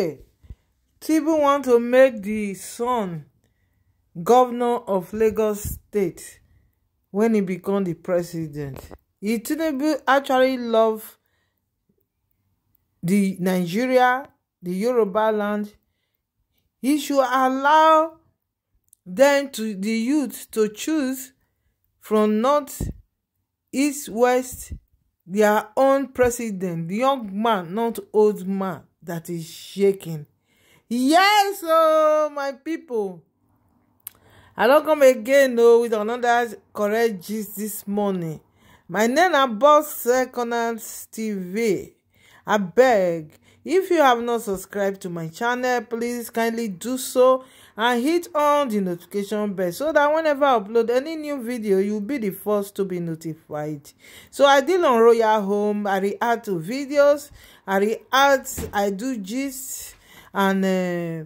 say tinubu want to make di son govnor of lagos state wen e become di president e tinubu actually love di nigeria di yoruba land e should allow dem to di youth to choose from north east west dia own president young man not old man that is shaking. Yes, oh my people. I don come again oh with another courageous this morning. My name is Boss Secondhand TV. beg. If you have not subscribed to my channel, please kindly do so and hit on the notification bell so that whenever I upload any new video, you'll be the first to be notified. So I deal on Royal Home, I react to videos, I react, I do gist and uh,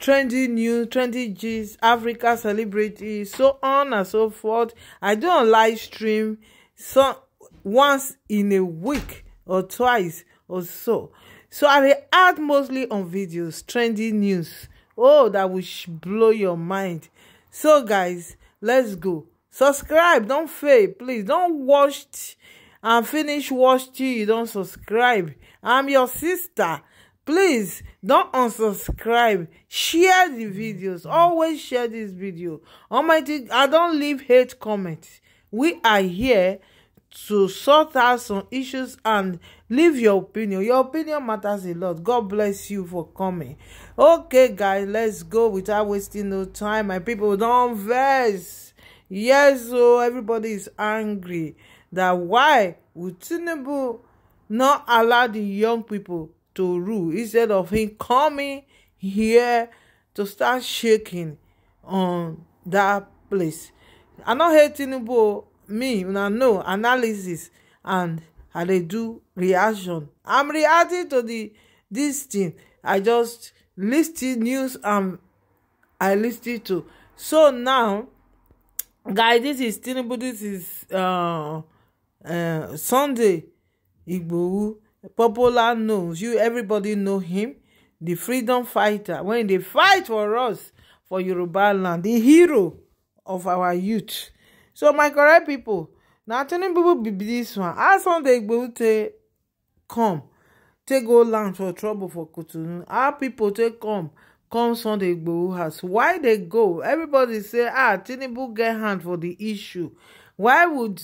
trendy news, trendy G's, Africa celebrities, so on and so forth. I do a live stream so once in a week or twice or so. So I react mostly on videos, trending news. Oh, that will blow your mind. So guys, let's go. Subscribe, don't fail, please. Don't watch and finish watch till you don't subscribe. I'm your sister. Please don't unsubscribe. Share the videos. Always share this video. Almighty, I don't leave hate comments. We are here to sort out some issues and leave your opinion your opinion matters a lot god bless you for coming okay guys let's go without wasting no time my people don't vex yes so everybody is angry that why would Tinubu not allow the young people to rule instead of him coming here to start shaking on that place i no hate Tinubu oh. me una know analysis and i dey do reaction i'm reacting to the this thing i just listed news and um, i listed to so now guys this is tinubu this is uh, uh, sunday igbohu popular knows you everybody know him the freedom fighter when they fight for us for yoruba land the hero of our youth so my correct people, now na people be this one as sunday to come take go land for trouble for kotunu Our people take come come sunday igbohu has why they go everybody say ah tinubu get hand for the issue why would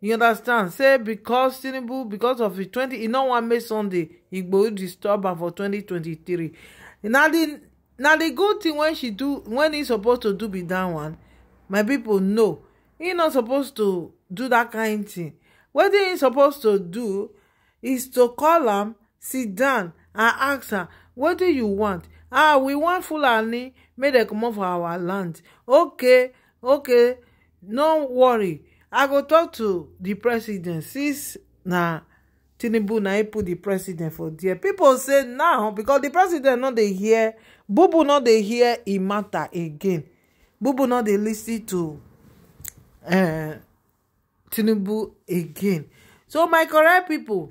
you understand say becos tinubu because of the 20 e no wan make sunday igbohu disturb am for 2023 now the good thing when she do when e supposed to do be that one my people know he not supposed to do dat kain thing. What he supposed to do is to call him, sit down and ask "What do you want ah we want fulani make dem comot for our land okay okay no worry i go talk to the president since na tinubu na put the president for there people. say now because the president not they hear bubu not they hear e matter again bubu not they listen to uh, tinubu again so my correct people,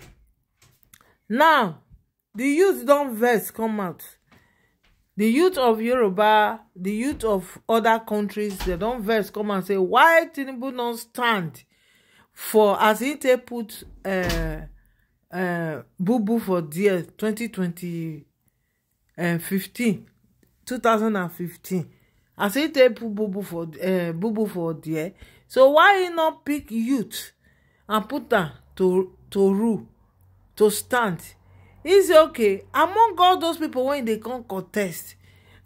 now the youth don't verse come out The youth of yoruba the youth of other countries they don't verse come and say why tinubu don't stand for as he take put eh, eh, bubu for there 2020 15 2015 as he take put bubu for uh bubu for there so why e no pick youth and put am to to rule to stand e say okay among all those people wey dey come contest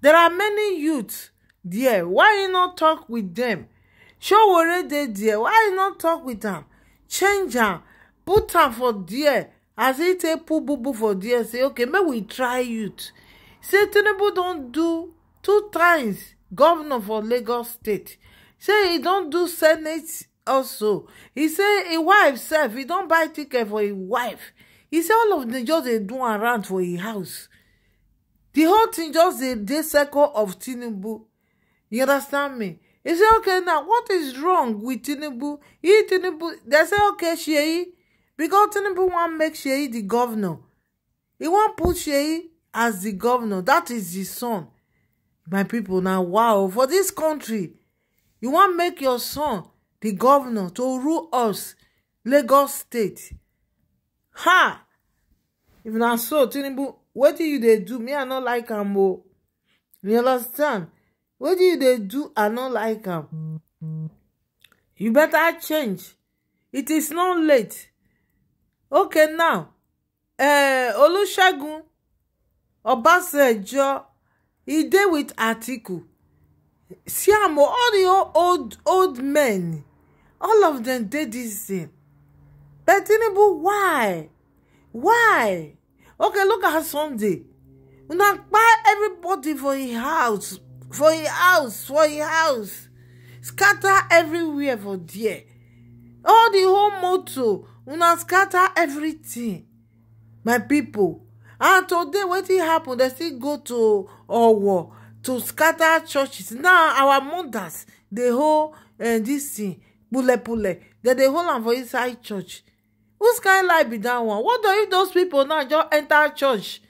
there are many youth there why e no tok wit dem showore dey there why e no tok wit am change am put am for there as he take put bubu for there say okay make we try youth say tinubu don do two times governor for lagos state say e don do senate also He say im wife sef He don buy ticket for im wife He say all of dem just dey do round for im house The whole thing just dey circle of tinubu you understand me He say okay now what is wrong with tinubu He tinubu They say okay Sheyi. because tinubu wan make Sheyi the governor. He wan put Sheyi as the governor. That is di son my people. na wow for this country you wan make your son the governor to rule us lagos state ha if na so tinubu do you they do me i no like him, o you understand What do you they do i no like him. you better change it is not late okay now eh olusegun obasanjo he dey with article. Siamo, all the old old men, all of them did this thing. But Tinubu, why? Why? Okay, look at Sunday. Una buy everybody for his house, for his house, for his house. Scatter everywhere for dear. All the whole motto, una scatter everything. My people. And today, what happened? They still go to war. to scatter churches now our mothers dey hold eh, this thing pule pule dem dey hold am for inside church whose kind life be that one what do you those people now just enter church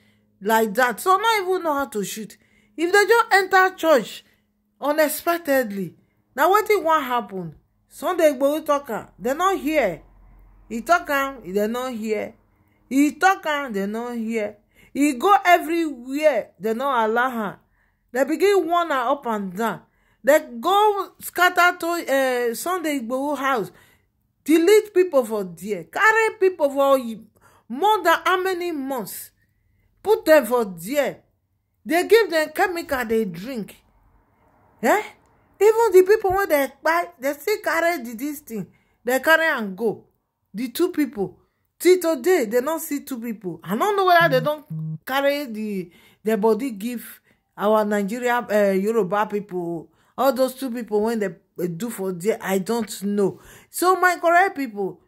like that some no even know how to shoot if they just enter church unexpectedly na wetin wan happen sunday igboro tok am dem no hear e tok am dem no hear e tok am dem no hear e go everywhere dem no allow am They begin one her up and down They go scatter to eh, sunday igbohu house delete people for there carry people for more than how many months put them for there They give them chemical They drink eh even the people wey dey kpai dey still carry the this thing dey carry am go The two people. till today dem don see two people. i no know whether dem hmm. don carry the their body give our nigeria eh, yoruba people, all those two people, wey dem do for there i don't know so my correct people,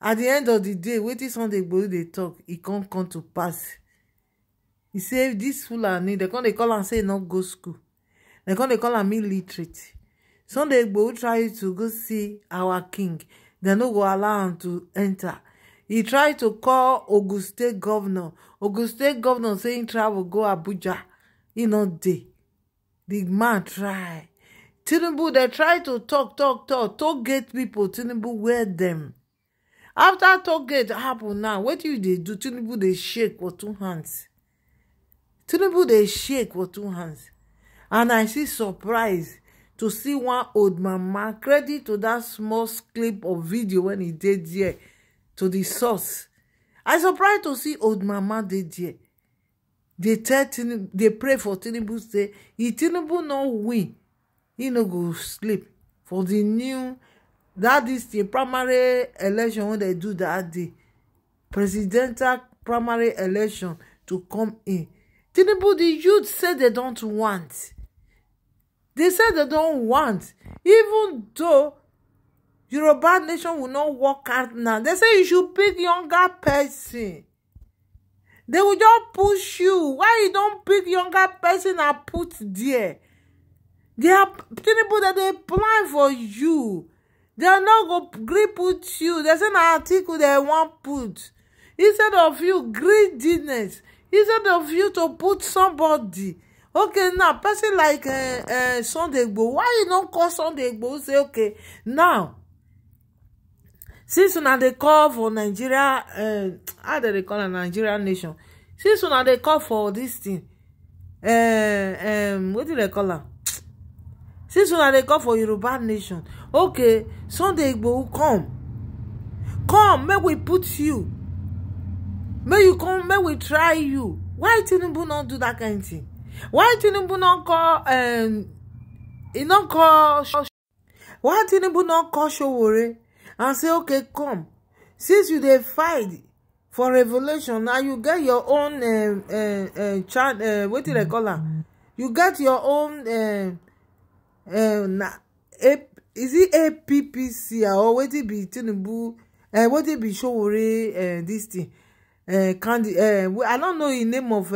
at the end of the day wetin sunday gbori dey talk, e con come to pass e say dis fulani dem come dey call am say e no go school dem come dey call am illiterate sunday gbori try to go see our king dem no go allow am to enter. He try to call ogun state govnor ogun state govnor say im travel go abuja e no dey the man try tinubu dey try to talk, talk. tok toll gate pipo tinubu wear dem After talk gate happen now wetin you dey do tinubu dey shake for two hands tinubu dey shake for two hands and i see surprise to see one old mama credit to that small clip of video when e dey there to the source i surprise to see old mama dey there dey tell tinubu dey pray for tinubu say if tinubu no win he no go sleep for di new dat dis thing primary election wey dem do dat day presidential primary election to come in tinubu di youth say dem don't want dey say dem don't want even though yoruba nation will not work out now dem say you should pick younger person they will just push you why you don't pick younger person and put there they are tinubu that they plan for you they are not go gree put you they say na article they want put instead of you greediness instead of you to put somebody okay now person like eh, eh, sunday igbo why you no call sunday igbo say okay now since una dey call for nigeria uh, how dem dey call am nigeria nation since una dey call for dis thing uh, um, wetin dem call am since una dey call for yoruba nation okay sunday igbohu come come make we put you make you come make we try you why tinubu no do that kind of thing why tinubu no call um, e no call why tinubu no call showore and say okay come since you dey fight for revelation now you get your own child wetin dem call her? you get your own eh, eh, na is it appc ah, or what wetin be tinubu eh, wetin be showore this thing candy i don't know the name of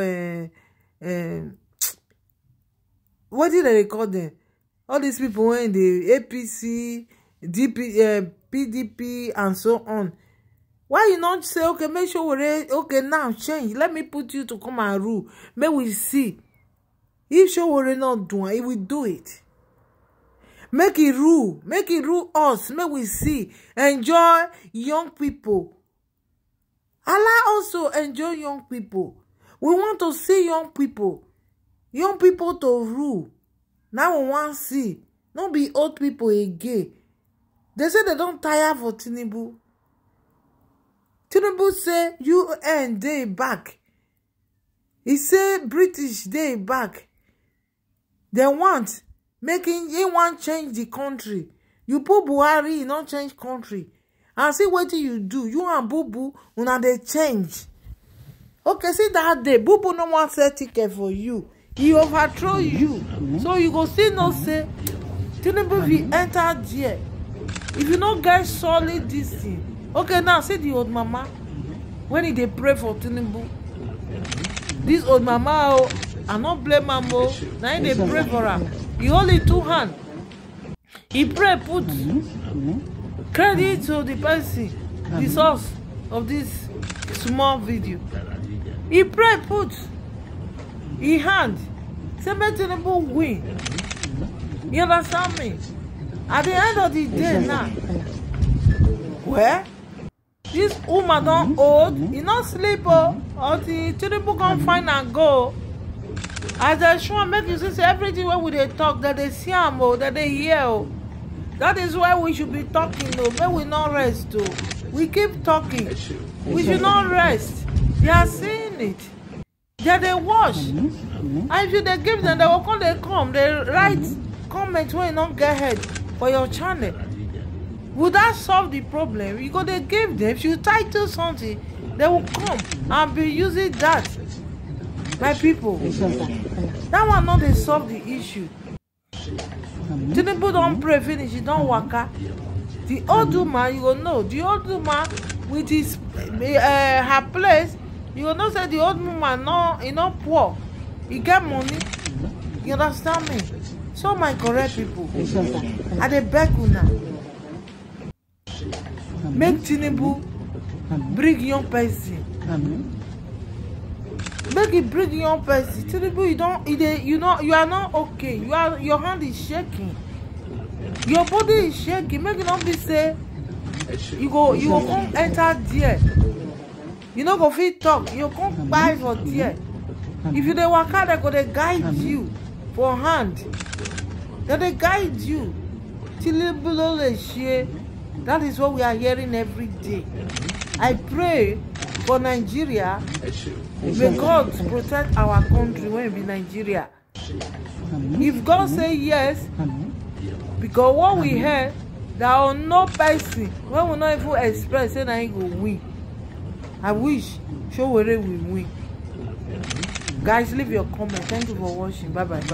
What did dey call them? all these people wey the apc dp pdp and so on why you not say okay make sure we're okay now change let me put you to come and rule May we see if showore not do it we do it make it rule make it rule us May we see enjoy young people. allah also enjoy young people. we want to see young people. young people to rule Now we wan see no be old pipo again They say they don't tire for Tinubu. Tinubu say UN day back. He say British day back. They want making he want change the country. You put Buhari, not change country. And see do you do. You and Bubu, una they change. Okay, see that day, Bubu no want sell ticket for you. He overthrow you. So you go still no say Tinubu he enter there if you no get solid this thing okay now see the old mama when e dey pray for tinubu this old mama o oh, i no blame am o na im dey pray for am He hold im two hand He pray put credit to the person the source of this small video He pray put e hand say make tinubu win you understand me at the end of the day now where this woman don't hold, e not sleep or o until tinubu come mm-hmm. find and go as dem show am make you see say everything wey we dey talk that they see am o dem dey hear that is why we should be talking though. make we not rest though. we keep talking we should not rest they are seeing it they wash. watch mm-hmm. mm-hmm. and if you dey give them? They will come They come They write comments when wey e no get head for your channel would that solve the problem you go dey give them if you title something they will come and be using that my people that one not they solve the issue tinubu don't pray finish he don't work. the old woman you will know the old woman with his uh, her place you will know say the old woman no e no poor e get money you understand me so my correct people, i dey beg una make tinubu bring young person make e bring young person tinubu you don't, you dey you know you are not okay you are your hand is shaking your body is shaking make it not be say you go you go come enter there you no go fit talk you go come kpai for there if you dey waka dem go dey guide you for hand That they guide you. That is what we are hearing every day. I pray for Nigeria. May God protect our country when we Nigeria. If God say yes, because what we hear, there are no person We will not even express say I he go win. I wish Showore will win. Guys, leave your comment. Thank you for watching. bye. bye.